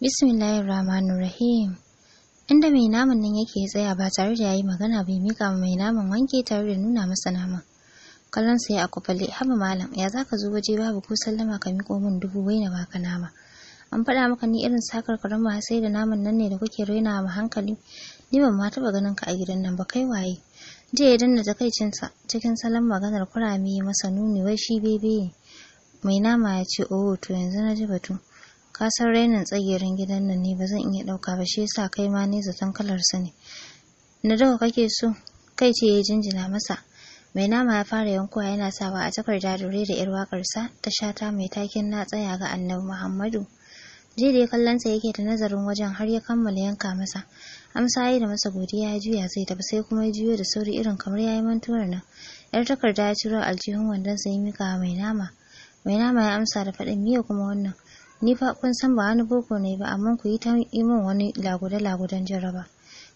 Bismillahir Rahmanir Rahim. Inda mai naman nan yake tsaya ba tare da yayi magana bai mika mai naman wanke tare da nuna masa naman. Kallon sai a kufale haba malam ya zaka zo waje babu ko sallama ka miko min dubu wai na baka nama. An faɗa maka ni irin sakar karan ma sai da naman nan ne da kuke raina ma hankali. Ni ban ma taɓa ganin ka a gidan nan ba kai waye. Jiya ya danna takaicinsa cikin salon maganar kurame masa nuni wai shi bebe. Mai nama ya ce oh to yanzu na ji batu. ka san rainin tsagerin gidan nan ne ba zan iya ɗauka ba shi yasa kai ma ne zaton kalar sa ne na daga kake so kai ce ya jinjina masa mai nama ya fara yankowa yana sawa a takarda dore da yar sa ta shata mai takin na tsaya ga annabi muhammadu je da ya sa yake da nazarin wajen har ya kammala yanka masa amsa ya yi da masa godiya ya juya zai tafi sai kuma ya juyo da sauri irin kamar ya yi mantuwar nan yar takarda ya ciro aljihun wandon sai mika mai nama mai nama ya amsa da faɗin miya kuma wannan ni fa kun san ba wani boko ne ba amma ku yi ta yi min wani lagude-laguden jaraba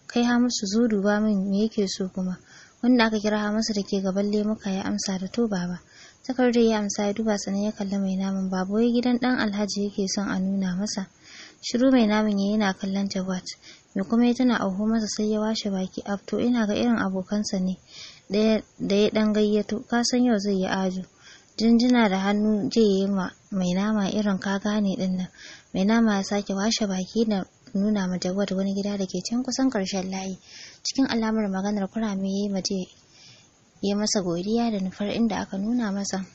kai ha musu zo duba min me yake so kuma wanda aka kira ha da ke gaban lemuka ya amsa da to baba takardar ya amsa ya duba sanan ya kalli mai naman babo wai gidan dan alhaji yake son a nuna masa shiru mai naman ya yana kallon jawad me kuma ya tana auho masa sai ya washe baki afto ina ga irin abokansa ne da ya dan gayyato ka san yau zai yi ajo jinjina da hannu zai yi ma mai nama irin ka gane din nan mai nama ya sake washe baki da nuna ma jawad wani gida da ke can kusan karshen layi cikin alamar maganar kurame ya yi ya masa godiya da nufar inda aka nuna masa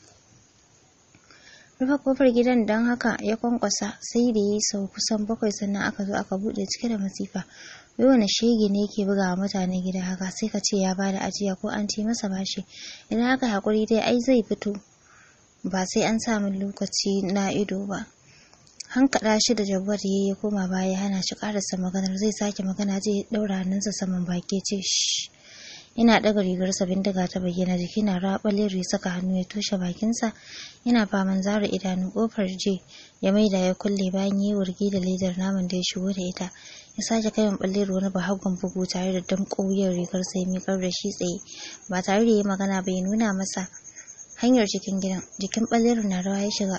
rufe kofar gidan don haka ya kwankwasa sai da yi sau kusan bakwai sannan aka zo aka buɗe cike da masifa wani shege ne ke buga wa mutane gida haka sai ka ce ya bada ajiya ko an ci masa bashi idan haka haƙuri dai ai zai fito ba sai an sa lokaci na ido ba hankaɗa shi da jabbar ya ya koma baya hana shi ƙarasa maganar zai sake magana zai ɗaura hannunsa saman baki ce shi yana ɗaga rigarsa daga ta bayyana jiki na raɓalin saka hannu ya toshe bakinsa yana faman zara idanu ƙofar je ya maida ya kulle bayan yi wurgi da ledar naman da ya shigo da ita ya sake kayan ruwa wani bahagon bugu tare da damƙo wuyan rigarsa ya mikar da shi tsaye ba tare da ya magana bai nuna masa hanyar cikin gidan jikin ɓalerin na rawa ya shiga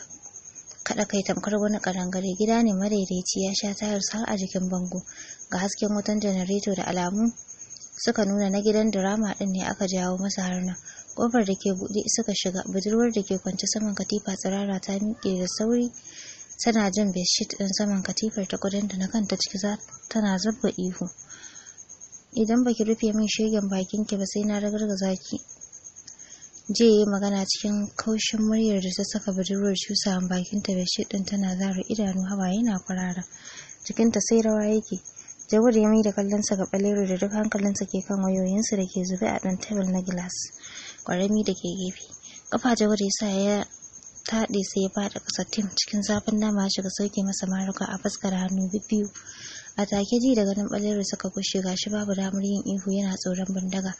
kaɗa kai tamkar wani ƙarangare gida ne madaidaici ya sha tayar har a jikin bango ga hasken wutan janareto da alamu suka nuna na gidan dirama ɗin ne aka jawo masa harna ƙofar da ke buɗe suka shiga budurwar da ke kwance saman katifa tsirara ta miƙe da sauri tana jin beshit ɗin saman katifar ta kudin da na kanta ciki za tana zabba ihu idan baki rufe min shegen bakin ki ba sai na ragargaza ki jiya ya yi magana cikin kaushin muryar da ta saka budurwar cusa a bakinta bashir ɗin tana zara idanu hawa yana kwarara jikinta sai rawa yake jawar ya mai da sa ga balero da duk hankalinsa ke kan wayoyinsa da ke zube a ɗan tebul na gilas ƙwarami da ke gefe ƙafa jawar ya sa ya taɗe sai ya faɗa ƙasa tim cikin zafin nama shiga sauke masa maruka a fuskar hannu biyu a take ji da ganin ɓalerin suka kushe gashi babu damar yin ihu yana tsoron bindiga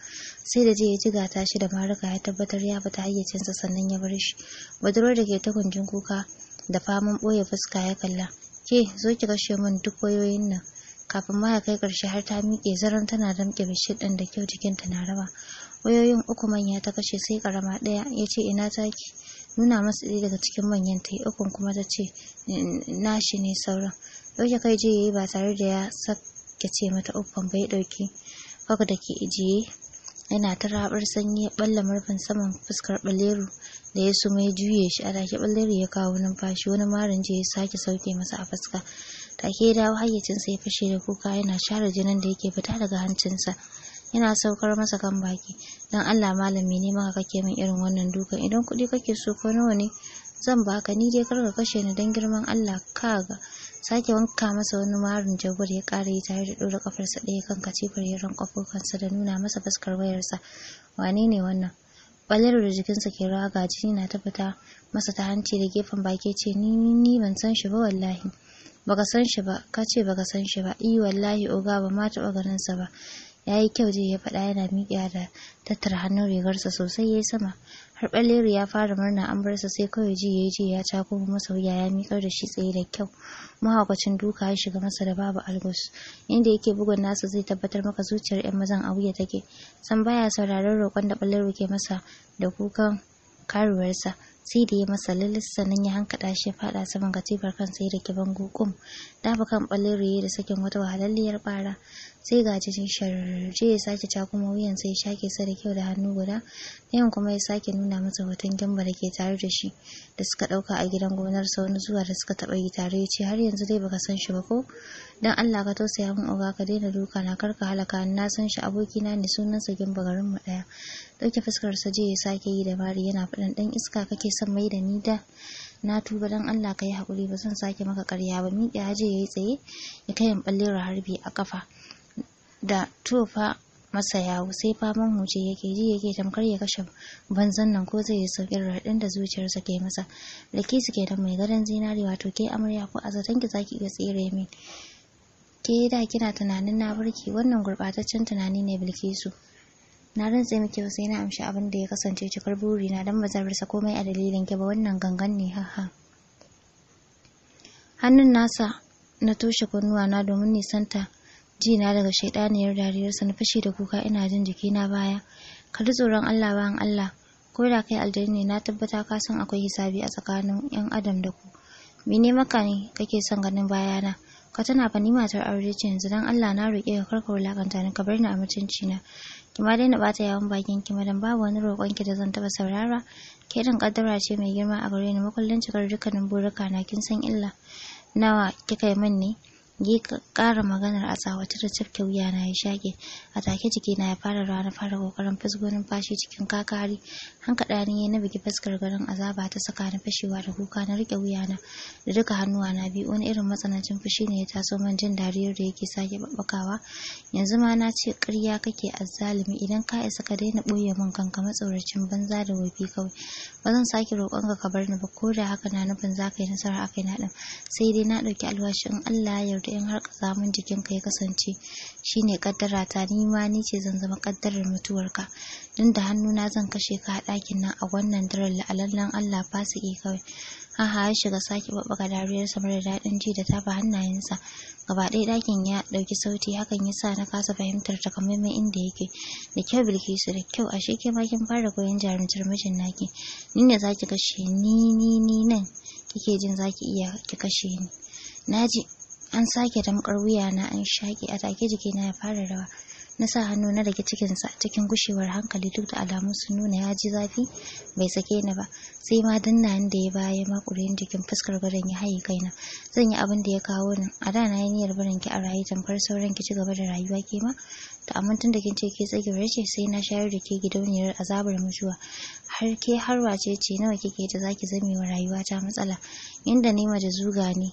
sai da je ya jiga ta shi da maruka ya tabbatar ya fita hayyacinsa sannan ya bar shi budurwar da ke ta kuka da faman ɓoye fuska ya kalla ke zo ki kashe min duk wayoyin nan kafin ma ya kai ƙarshe har ta miƙe zaran tana damƙe bishiyar ɗin da kyau jikinta na raba wayoyin uku manya ta kashe sai karama ɗaya ya ce ina taki nuna masa ɗaya daga cikin manyan ta yi ukun kuma ta ce nashi ne sauran Dauke kai je yi ba tare da ya sake ce mata uffan bai dauki faka da ke ijiye yana ta rabar sanyi ya ɓalla murfin saman fuskar baleru da ya suma ya juye shi a take baleru ya kawo numfashi wani marin je ya sake sauke masa a fuska take ya dawo hayyacinsa ya fashe da kuka yana share jinin da yake fita daga hancinsa yana saukar masa kan baki don allah malami ne maka kake min irin wannan dukan idan kuɗi kake so ko nawa ne zan baka ni dai karka kashe ni don girman allah ka ga. sake wanka masa wani marin jagor ya ƙara yi tare da ɗora ƙafarsa ɗaya kan katifar ya ran ƙafofinsa da nuna masa fuskar wayarsa wane ne wannan ɓalar da jikin sa ke rawa ga jini na tabbata masa ta hanci da gefen baki ce ni ni ban san shi ba wallahi baka san shi ba ka baka san shi ba i wallahi oga ba ma taɓa sa ba ya yi kyau je ya faɗa yana miƙewa da tattara hannun rigarsa sosai ya yi sama har ɓalleru ya fara murna an bar sai kawai ji ya ji ya ta kuma masa wuya ya miƙar da shi tsaye da kyau mahaukacin duka ya shiga masa da babu algus inda yake bugun nasa zai tabbatar maka zuciyar yan mazan a wuya take san baya sauraron roƙon da ɓalleru ke masa da kukan karuwarsa sai da ya masa lalis sannan ya hankaɗa shi ya faɗa saman katifar kan sai da ke bango kum dafa kan ɓalleru ya yi da sakin wata wahalalliyar ɓara sai ga jijin sharje ya sake kuma wuyan sai shake sa da kyau da hannu guda ɗayan kuma ya sake nuna masa hoton gimba da ke tare da shi da suka ɗauka a gidan gonar sa wani zuwa da suka taba yi tare ya ce har yanzu dai baka san shi ba ko dan Allah ka tausaya min oga ka daina duka na karka halaka na san shi abokina ne sunansa gimba garin mu daya dauke fuskar sa je ya sake yi da bari yana faɗan ɗan iska kake son mai da ni da na tuba dan Allah ka yi haƙuri ba zan sake maka ƙarya ba miƙe haje ya yi tsaye ya kayan ɓallera harbi a kafa da tufa masa yawo sai faman huce yake ji yake tamkar ya kashe banzan nan ko zai yi saukin raɗin da zuciyarsa ke masa su ke da mai gadon zinari wato ke amarya ko a zaton ki zaki iya tsere min ke da kina tunanin na barki wannan gurbataccen tunani ne bilkisu na rantse miki sai na amshi abin da ya kasance cikar burina don dan bazan rasa komai a dalilin ki ba wannan gangan ne haha hannun nasa na toshe kunnuwa na domin nisanta jina daga shaidaniyar dariyarsa na fashe da kuka ina jin jiki na baya ka ji tsoron Allah bayan Allah ko da kai aljani na tabbata ka san akwai hisabi a tsakanin yan adam da ku mene maka ne kake son ganin bayana ka tana fa ni matar aure ce yanzu dan Allah na roƙe ka karka wulakanta ni ka bar ni a mutunci na ki ma daina bata yawan bakin ki madan babu wani roƙon ki da zan taɓa saurara ke din kaddara ce mai girma a gare ni makullin cikar dukkanin burika na kin san illa nawa kika yi min ne Yi ƙara maganar a tsawata da cafke wuya na ya shaƙe, a take jiki na ya fara rana fara ƙoƙarin fisgo fashi cikin kakari, ya ɗani na bugi fuskar garin azaba ta saka na fashewa da kuka na riƙe wuya na da duka hannuwa na biyu wani irin matsanancin fushi ne ya taso man jin dariyar da yake sake babbakawa. Yanzu ma na ce ƙarya kake azzalumi idan ka isa ka daina ɓoye min kanka matsauracin banza da wofi kawai. Ba zan sake roƙon ka bar ni ba ko da haka na nufin za ka yi nasara a kai na ɗin sai dai na ɗauki alwashi in Allah ya in har jikin ka ya kasance shine kaddara ta ni ma ni ce zan zama kaddarar mutuwarka dan da hannuna zan kashe ka a ɗakin nan a wannan daren la'alallan Allah fasiki kawai haha ya shiga sake dariyar sa mara daɗin ji da tafa hannayensa gaba ɗaya ɗakin ya ɗauki sauti hakan ya sa na kasa fahimtar takamaiman inda yake da kyau bilkisu da kyau ashe ke ma kin fara koyon jarumtar mijin naki ni ne zaki kashe ni ni ni nan kike jin zaki iya ki kashe ni naji an sake damkar wuya na an shaƙe a take jikina ya fara rawa na sa hannu na rage cikinsa cikin gushewar hankali duk da alamu sun nuna ya ji zafi bai sake ni ba sai ma danna da ya baya makurin jikin fuskar barin ya haye kaina zan yi abin da ya kawo ni a da na yi niyyar barin ki a rayu tamkar sauran ki ci gaba da rayuwa ke ma da amma tun da kin ce ke tsagi ce sai na shayar da ke gidauniyar azabar mutuwa har ke har wace ce nawa kike da zaki zame wa rayuwa ta matsala inda nema da zuga ne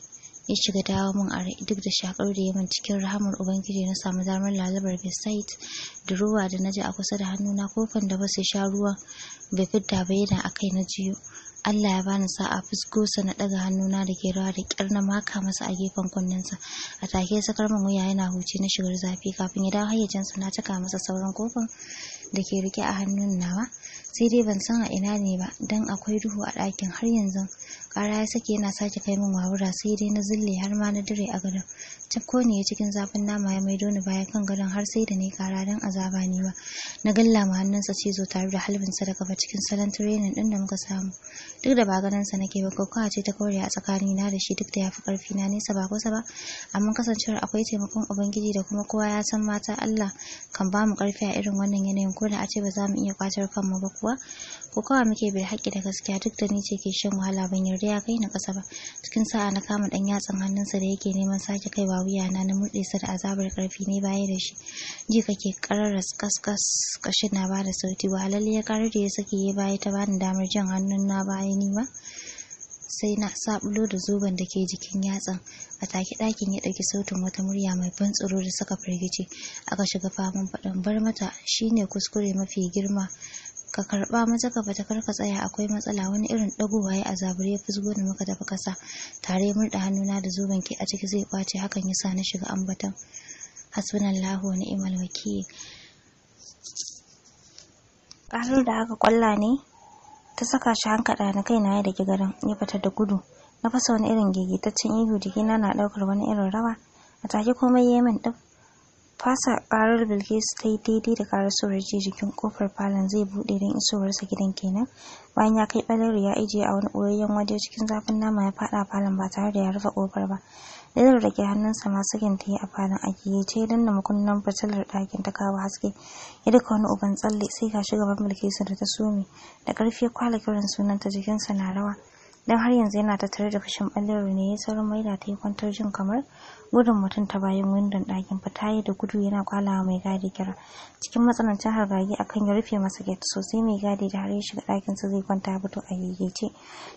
ya shiga dawo mun a duk da shakar da ya cikin rahamar ubangiji na samu damar lalabar beside da ruwa da na ji a kusa da hannuna kofin da ba sai sha ruwa bai fidda ba yana a kai na jiyo Allah ya bani sa'a fuskosa na daga hannuna da ke rawa da kyar na maka masa a gefen kunninsa a take sakar min wuya yana huce na shigar zafi kafin ya dawo hayyacinsa na cika masa sauran kofin da ke rike a hannun nawa sai dai ban san a ina ne ba don akwai duhu a ɗakin har yanzu ƙara ya sake yana sake kai min wawura sai dai na zille har ma na dire a gadon ta ne ya cikin zafin nama ya maido ni baya kan gadon har sai da na ƙara don azaba ni ba. na galla ma hannunsa cizo tare da halbin da daga cikin salon tirenin din da muka samu duk da ba sa nake ba kokawa ce ta kore a na da shi duk da ya fi ƙarfi na nesa ba kusa ba amma kasancewar akwai taimakon ubangiji da kuma kowa ya san mata Allah kan ba mu ƙarfi a irin wannan yanayin ko da a ce ba za mu iya kwatar kanmu ba kuwa ko kawai muke bil haƙƙi da gaskiya duk da ni ce ke shan wahala ban yarda ya kai na ƙasa ba cikin sa'a na kama ɗan yatsan hannunsa da yake neman sake kaiwa wuya na na murɗe sa da azabar ƙarfi ne baya da shi ji kake ƙararras kaskas kashin na bada sauti wahalalle ya karar da ya saki ya baya ta bani damar jan hannun na baya ni ba sai na sabulo da zoben da ke jikin yatsan a taki-dakin ya ɗauki sautin wata murya mai ban tsoro da saka firgici aka shiga faman faɗan bar mata shine kuskure mafi girma ka karba mata ka fita karka tsaya akwai matsala wani irin ɗagowaye ya azabure ya fusgo da muka tafi kasa tare murda hannuna da zoben ke a ciki zai kwace hakan yasa na shiga ambatan hasbunallahu wa ni'mal wakil karar da haka kwalla ne ta saka shi hankaɗa da kaina ya daki gadon ya fita da gudu na fasa wani irin gigitaccen ihu jikina na ɗaukar wani irin rawa a take komai ya min Fasa karar Bilkisu ta yi daidai da karar Soraji jikin kofar falon zai buɗe don isowarsa gidan kenan. Bayan ya kai ɓalaru ya ajiye a wani ɓoyayyen waje cikin zafin nama ya faɗa falon ba tare da ya rufe kofar ba. Ledar da ke hannunsa masu ginta ta yi a falon a giyace don da makunnan fitilar ɗakin ta kawo haske. Ya duka wani uban tsalle sai ga shugaban Bilkisu da ta sume da ƙarfi ya kwala kiran sunanta jikinsa na rawa. don har yanzu yana tattare da fushin ɓalleru ne ya saurin maida ta yi kwantar jin kamar gudun mutum ta bayan windon ɗakin fita yi da gudu yana kwalawa mai gadi kira cikin matsanancin hargagi akan ya rufe masa gate sosai mai gadi da har ya shiga ɗakin sa zai kwanta fito a gegece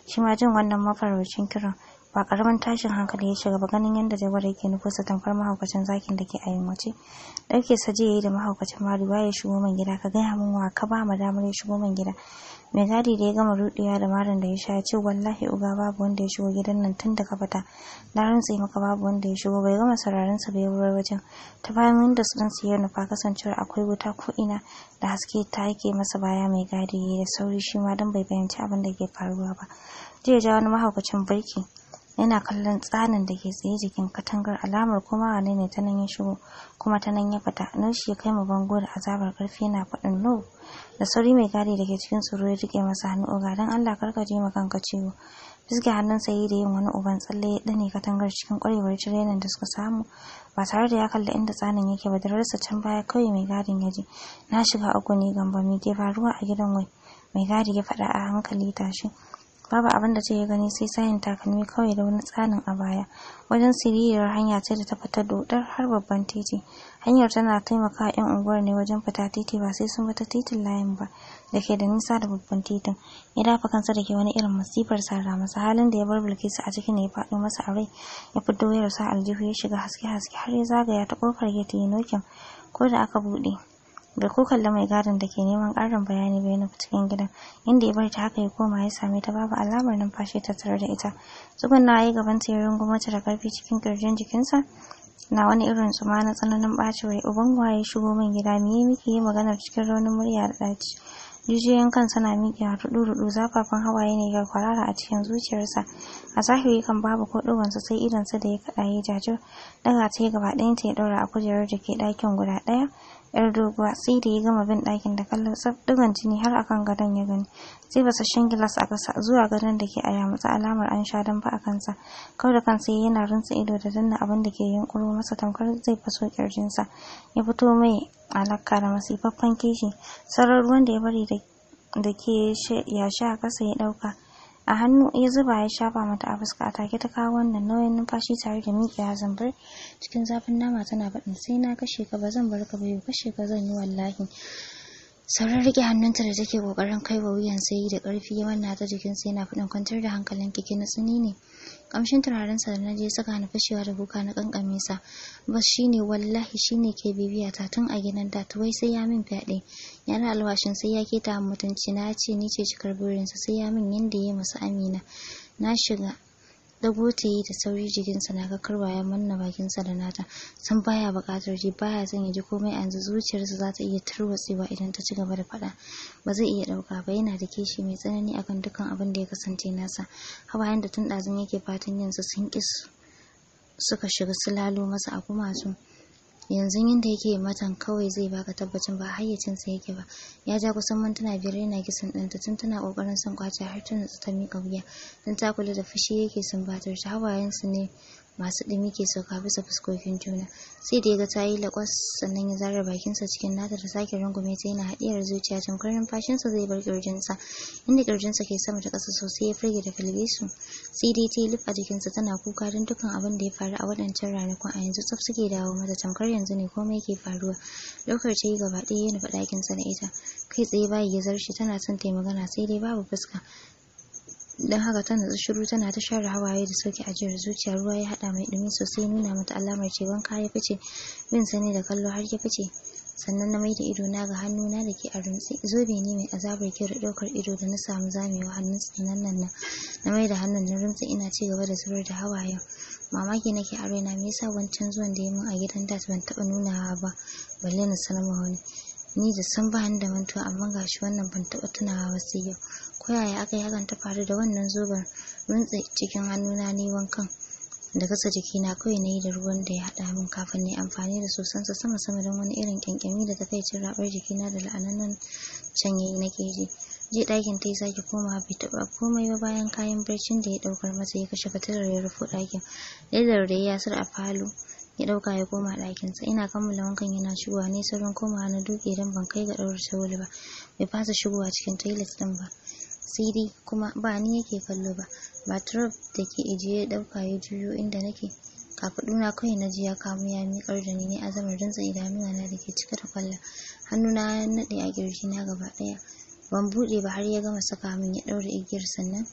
shi ma jin wannan mafaraucin kiran ba karamin tashin hankali ya shiga ba ganin yadda jawar yake nufinsa tamfar mahaukacin zakin da ke a yammaci ɗauke sa je ya yi da mahaukacin maruwa ya shigo man gida ka gaya min wa ka ba ma damar ya shigo man gida Mai gadi da ya gama rudewa da marin da ya sha ce wallahi uga babu wanda ya shigo gidan nan tun da ka fita. Na rantse maka babu wanda ya shigo bai gama sararin sa bai wurin wajen. Ta bayan windows din su ya nufa kasancewar akwai wuta ko ina da haske ta yake masa baya mai gadi da sauri shi ma dan bai fahimci abin da ke faruwa ba. Jiya ja wani mahaukacin birki yana kallon tsanin da ke tsaye jikin katangar alamar kuma Wanene ne ta nan ya shigo kuma ta nan ya fita. nan ya kai mu bango da azabar karfi yana faɗin no. da sauri mai gadi da ke cikin tsoro ya rike masa hannu oga don allah karka je kanka ciwo fiske hannun yi da yin wani uban tsalle ya dane katangar cikin kwarewar tirenin da suka samu ba tare da ya kalla inda tsanin yake ba da rarsa can baya kawai mai gadin ya je na shiga agoni gamba mai ke faruwa a gidan wai mai gadi ya faɗa a hankali tashi babu abin da ta yi gani sai sayin takalmi kawai da wani tsanin a baya wajen siririyar hanya ce da ta fita dodar har babban titi hanyar tana taimaka yan unguwar ne wajen fita titi ba sai sun ta titin layin ba da ke da nisa da babban titin ya dafa kansa da ke wani irin masifar sarra masa halin da ya bar bilkisu a cikin ya faɗo masa a rai ya fito doyar sa aljihu ya shiga haske haske har ya zagaya ta kofar gate ya nokin ko da aka buɗe bai ko kalli mai gadin da ke neman ƙarin bayani bai nufi cikin gidan inda ya bar ta haka ya koma ya same ta babu alamar numfashi ta tare da ita na ya gaban ta ya da karfi cikin kirjin jikinsa na wani irin tsuma na tsananin ɓaci rai uban ya shigo min gida me miki yi maganar cikin raunin murya da ɗaci jijiyoyin kan na miƙe a ruɗu-ruɗu zafafan hawaye ne ga kwarara a cikin zuciyarsa a zahiri kan babu ko ɗigonsa sai idonsa da ya kaɗa ya jajir daga ta gaba ɗayanta ya ɗaura a kujerar da ke ɗakin guda ɗaya yar doguwa sai da ya gama bin ɗakin da kallon tsaf digon jini har akan gadon ya gani sai basashen gilas a ƙasa zuwa gadon da ke a yamutsa alamar an sha damfa a kansa kawai da kansa ya yana rintsa ido da danna abin da ke yunkuro masa tamkar zai faso ƙirjinsa ya fito mai alaka da masifaffen kishi sauran ruwan da ya bari da ke yashe a ƙasa ya ɗauka a hannu ya zuba ya shafa mata a fuska a take ta kawo wannan nauyin numfashi tare da miƙe a zambar cikin zafin nama tana faɗin sai na kashe ka ba zan bar ka ba yau kashe ka zan yi wallahi saurin rike hannunta da take kokarin kai wa wuyan sai da ƙarfi ya manna ta jikin sai na fadin kwantar da hankalin kike na tsini ne kamshin turaren sa da na je saka na fashewa da kuka na kankame sa bas shine wallahi shine ke bibiya ta tun a gidan da tuwai sai ya min fyaɗe yana alwashin sai ya ke keta mutunci na ce ni ce cikar burinsa sai ya min yanda ya masa amina na shiga Ɗago yi da sauri jikinsa na kakkarwa ya manna bakinsa da nata. Sam baya bukatar ji, baya ya son ya ji komai a yanzu zuciyarsa za ta iya tarwatsewa idan ta ci gaba da faɗa. Ba zai iya ɗauka ba, yana da kishi mai tsanani akan dukkan abin da ya kasance nasa. Hawayen da tun ɗazun yake fatan yanzu sun ƙi suka shiga sulalo masa a kumatu. yanzu yadda yake matan kawai zai baka tabbacin ba hayyacinsa yake ba ya ja kusan mintuna biyar yana kisan ɗanta tun tana ƙoƙarin son kwace har ta nutsu ta miƙa wuya don ta kula da fushi yake sumbatar ta hawayensu ne masu ɗumi ke sauka bisa fuskokin juna sai da ya ga tayi yi laƙwas sannan ya zara bakinsa cikin nata da sake rungume ta yana haɗiyar zuciya tamkar numfashinsa zai bar ƙirjinsa inda ƙirjinsa ke sama da ƙasa sosai ya firge da filbisu sai dai ta yi lif a jikinsa tana kuka don dukkan abin da ya faru a waɗancan ranakun a yanzu tsaf suke dawo mata tamkar yanzu ne komai ke faruwa ɗaukar ta yi gaba ɗaya ya nufi ɗakinsa na ita kai tsaye bayi ya zarce tana son ta yi magana sai dai babu fuska don haka ta natsu shiru tana ta share hawaye da sauki ajiyar zuciya ruwa ya hada mai ɗumi sosai nuna mata alamar ce wanka ya fice bin sani da kallo har ya fice sannan na mai da ido na ga hannuna da ke a rintsi zobe ne mai azabar da daukar ido da na samu zamewa hannun tsanan nan na mai da hannun na rintsi ina ci gaba da zubar da hawaye. mamaki nake a raina me yasa wancan zuwan da ya min a gidan da ban taɓa nunawa ba balle na sanarwa wani ni da san ba da mantuwa amma gashi wannan ban taba tunawa ba sai yau ko yaya aka yi hakan ta faru da wannan zoben runtse cikin hannuna ne wankan da kasa jikina kawai na yi da ruwan da ya haɗa min kafin ne amfani da sa sama-sama don wani irin kyankyami da ta kai takaicin jiki na da la'anannan can yayi na keji je ɗakin ta yi sake komawa bai taɓa komai ba bayan kayan barcin da ya ɗaukar masa ya kashe fitilar ya rufe ɗakin da ya yasar a falo ya ɗauka ya koma ɗakinsa ina kammala wankan yana shigowa ne saurin komawa na duke don ban kai ga ɗaurar tawul ba bai fasa shigowa cikin toilet ɗin ba sai dai kuma ba ni yake kallo ba ba da ke ajiye ya ɗauka ya juyo inda nake kafaduna kawai na ji ya kamo ya miƙar da ni ne azamar rantsa idanuwa na da ke cika da kwallo. hannuna ya naɗe a ƙirji na gaba ɗaya ban buɗe ba har ya gama saka min ya ɗaure igiyar sannan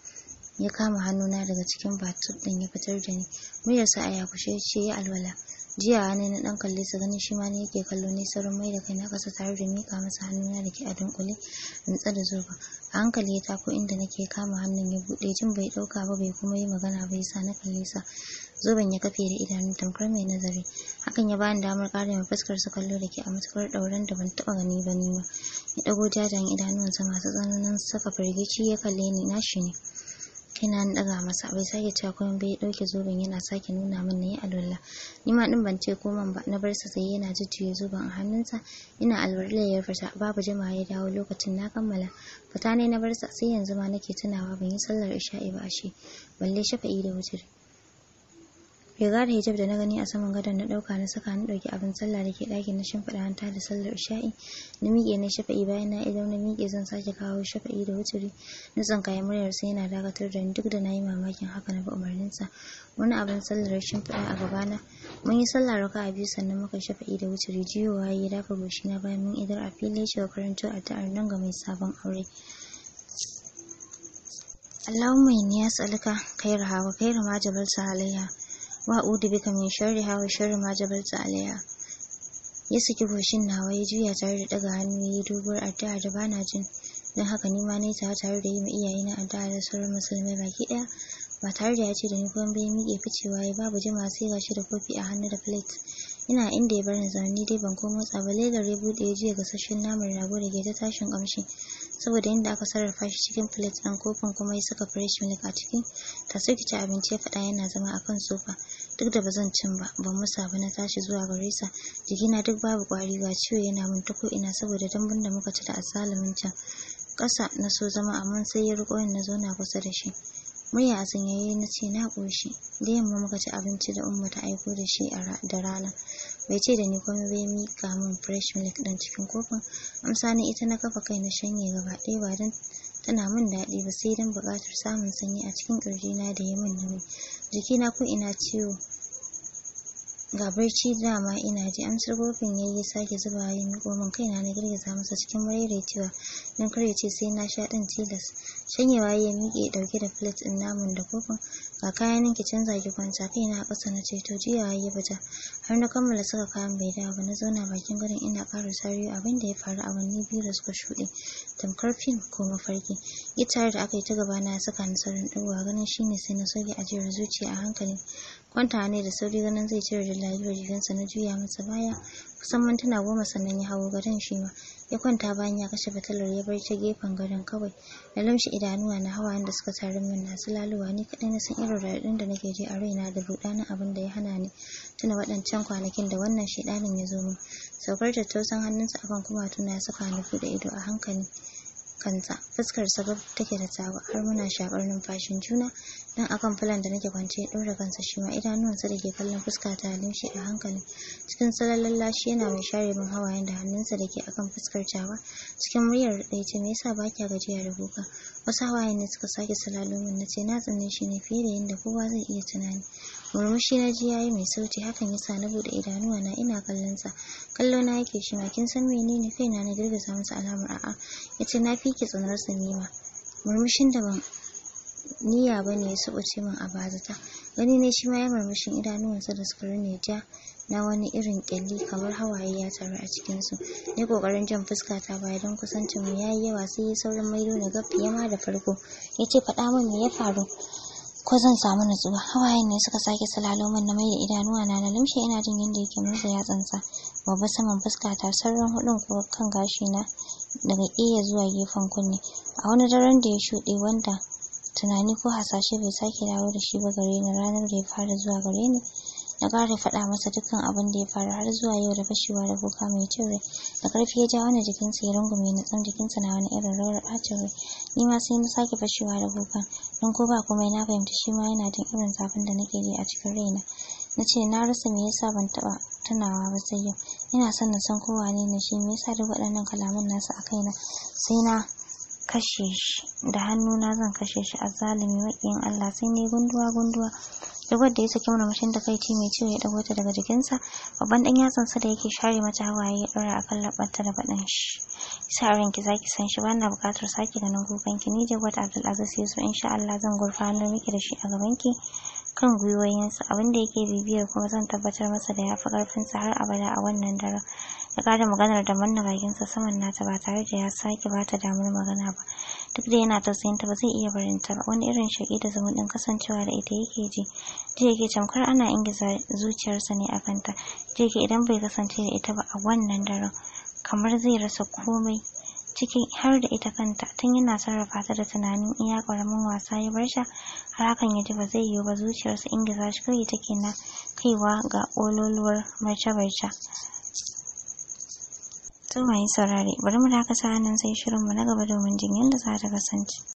ya kama hannuna daga cikin batut ɗin ya fitar da ni muryarsa a yakushe ce ya alwala Jiya, nayi na ɗan kalle su ganin shi ma ne yake kallo ne saurin mai-da-kai na kasa tare da mika masa hannu da ke a dunkule? in tsada zoben. A hankali ya tako inda nake kama hannun ya buɗe jin bai ɗauka ba bai kuma yi magana bai sa na kalle sa. Zoben ya kafe da idanu tamkar mai nazari. Hakan ya bani damar kare ma fuskar su kallo da ke a matukar ɗaurin da ban taɓa gani ba ni nima. Ya ɗago jajayen idanuwansa masu tsananin saka firgici ya kalle ni shi ne. kaina na daga masa bai sake cewa komai bai dauke zoben yana sake nuna min nayi alwala ni ma din ban ce koman ba na bar sa sai yana jujjuye zoben a hannunsa ina alwarla ya fita babu jama'a ya dawo lokacin na kammala fita ne na bar sa sai yanzu ma nake tunawa ban yi sallar isha'i ba ashe balle shafa'i da wutar bai gane hijab da na gani a saman gadon na dauka na saka na dauki abin sallah da ke ɗakin na shimfiɗa hanta da sallar isha'i na miƙe na shafa'i bayan na idan na miƙe zan sake kawo shafa'i da wuturi na tsankaye muryar sai yana dakatar da ni duk da na yi mamakin haka na bi umarninsa wani abin sallar shimfiɗa a gabana mun yi sallah raka biyu sannan muka shafa'i da wuturi jiyowa ya yi dafa goshi na bayan mun idar a fili shi karanto ta'ar nan ga mai sabon aure Allahumma inni as'aluka khairaha wa khaira ma jabalta wa'udu bika min shari hawa sharri ma jabalta tsaliya ya saki goshin nawa ya juya tare da daga hannu ya yi doguwar addu'a da bana jin don haka ni ma nayi tare da yi ma iyayena addu'a da sauran musulmai baki daya ba tare da ya ce da ni kuma bai miƙe ficewa ya babu jima sai shi da kofi a hannu da plate ina inda ya bar ni zaune dai ban ko motsa ba ledar ya buɗe ya juya gasasshen naman rago da ke ta tashin kamshi saboda inda aka sarrafa shi cikin plate ɗin kofin kuma ya saka fresh milk a ciki ta ci abinci ya faɗa yana zama akan sofa duk da ba zan cin ba ban musa ba na tashi zuwa gare sa na duk babu kwari ga ciwo yana min ta ina saboda dambun da muka ci da asalin can kasa na so zama amma sai ya riko na zo na kusa da shi murya a sanyaye na ce na ƙoshi da yamma muka ci abinci da umma ta aiko da shi da rana bai ce da ni kuma bai mika min fresh milk ɗin cikin kofin amsa ni ita na kafa kai na shanye gaba ɗaya ba don tana min daɗi ba sai don buƙatar samun sanyi a cikin na da ya min nauyi jikina ko ina ciwo ga barci dama ina ji amsar kofin ya yi sake zuba ya miƙo min kaina na girgiza masa cikin maraicewa don kar ya ce sai na sha ɗan tilas shanyewa ya mike ɗauke da plate din namun da kofin. Ga kayan ki canza ki kwanta kai na kasa na ce to juyawa ya bata. Har na kammala saka kayan bai dawo ba na zauna bakin gadon ina ƙara sari abin da ya faru awanni biyu da suka shuɗe. Tamkar fim ko mafarki. tare da aka yi ta gaba na saka ni saurin ɗauwa ganin shine sai na soke ajiyar zuciya a hankali. Kwanta ne da sauri ganin zai cire da lafiyar jikinsa na juya masa baya kusan mintuna goma sannan ya hawo gadon shi ma. ya kwanta bayan ya kashe fitilar ya bar ta gefen gadon kawai na lamshe idanuwa na hawayen da suka taru min na laluwa ni kaɗai na san irin raɗaɗin da nake ji a raina da rudanin abin da ya hana ni tuna waɗancan kwanakin da wannan shaidanin ya zo min saukar tattausan hannunsa akan tuna ya saka ni da ido a hankali kanta fuskar sabab take da tawa har muna shakar numfashin juna dan akan fulan da nake kwance dora kansa shi ma idanuwansa da ke kallon fuska ta shi a hankali cikin salon lallashi yana mai share min hawayen da hannunsa da ke akan fuskar cawa cikin muryar ɗaya ce me yasa ba kya gajiya da kuka wasu hawaye ne suka sake salalo min na ce na tsanne shi ne fiye da yadda kowa zai iya tunani murmushi na ji yayi mai sauti hakan ya sa na bude idanuwa na ina kallon sa kallo na yake shi ma kin san ne kai na na girgiza masa alamar a'a yace na fi ki tsanar sanima murmushin da ban niyya bane ya ce min a bazata gani ne shi ma ya murmushin idanuwansa da suka rune ja na wani irin ƙyalli kamar hawaye ya taru a cikinsu Ni kokarin jan fuska ta baya don kusancinmu ya yi yawa sai ya saurin maido na gab fiye ma da farko yace faɗa min me ya faru ko zan samu natsuwa hawayen ne suka sake salalo min na da idanuwa na na lumshe ina jin yadda yake yatsan sa babba saman fuska ta sauran hudun kuwa kan gashi na daga iya zuwa gefen kunne a wani daren da ya shuɗe wanda tunani ko hasashe bai sake dawo da shi ba gare ni ranar da ya fara zuwa gare ni na ƙara faɗa masa dukkan abin da ya faru har zuwa yau da fashewa da kuka mai cin rai da ƙarfi ya ja wani jikinsa ya rungume na tsan jikinsa na wani irin rawar ɓacin rai ni ma sai na sake fashewa da kuka. don ko ba komai na fahimta, shi ma yana jin irin zafin da nake ji a cikin raina na ce na rasa me yasa ban taɓa tunawa ba sai yau ina son na san kowane ne na shi me yasa duk waɗannan kalaman nasu a kaina sai na kashe shi da hannuna zan kashe shi a zalimi maƙiyin Allah sai ne gunduwa gunduwa duk wanda ya saki mashin da kai ci mai ciwo ya dago ta daga jikinsa, babban dan sa da yake share mata hawaye ya dora a kan labarta da badan shi. Sa ranki zaki san shi bana buƙatar sake ganin kukan ki ni abdul Aziz Yusuf insha Allah zan gurfanar miki da shi a gaban ki kan gwiwoyinsa abinda yake bibiyar kuma zan tabbatar masa da ya fi ƙarfinsa har abada a wannan daren. ya kada maganar da manna bakinsa saman nata ba tare da ya sake bata ta damar magana ba duk da yana tausayin ta ba zai iya barin ta wani irin shaƙi da zumun din kasancewa da ita yake ji ji yake tamkar ana ingiza zuciyarsa ne a kanta ji yake idan bai kasance da ita ba a wannan daren kamar zai rasa komai cikin har da ita kanta tun yana sarrafa ta da tunanin iya ƙaramin wasa ya bar sha har hakan ya ji ba zai yiwu ba zuciyarsa ingiza shi kai take na kaiwa ga ololuwar marce-marce To mai saurare, bari mu dakata nan sai shirinmu na gaba domin jin yadda za ta kasance.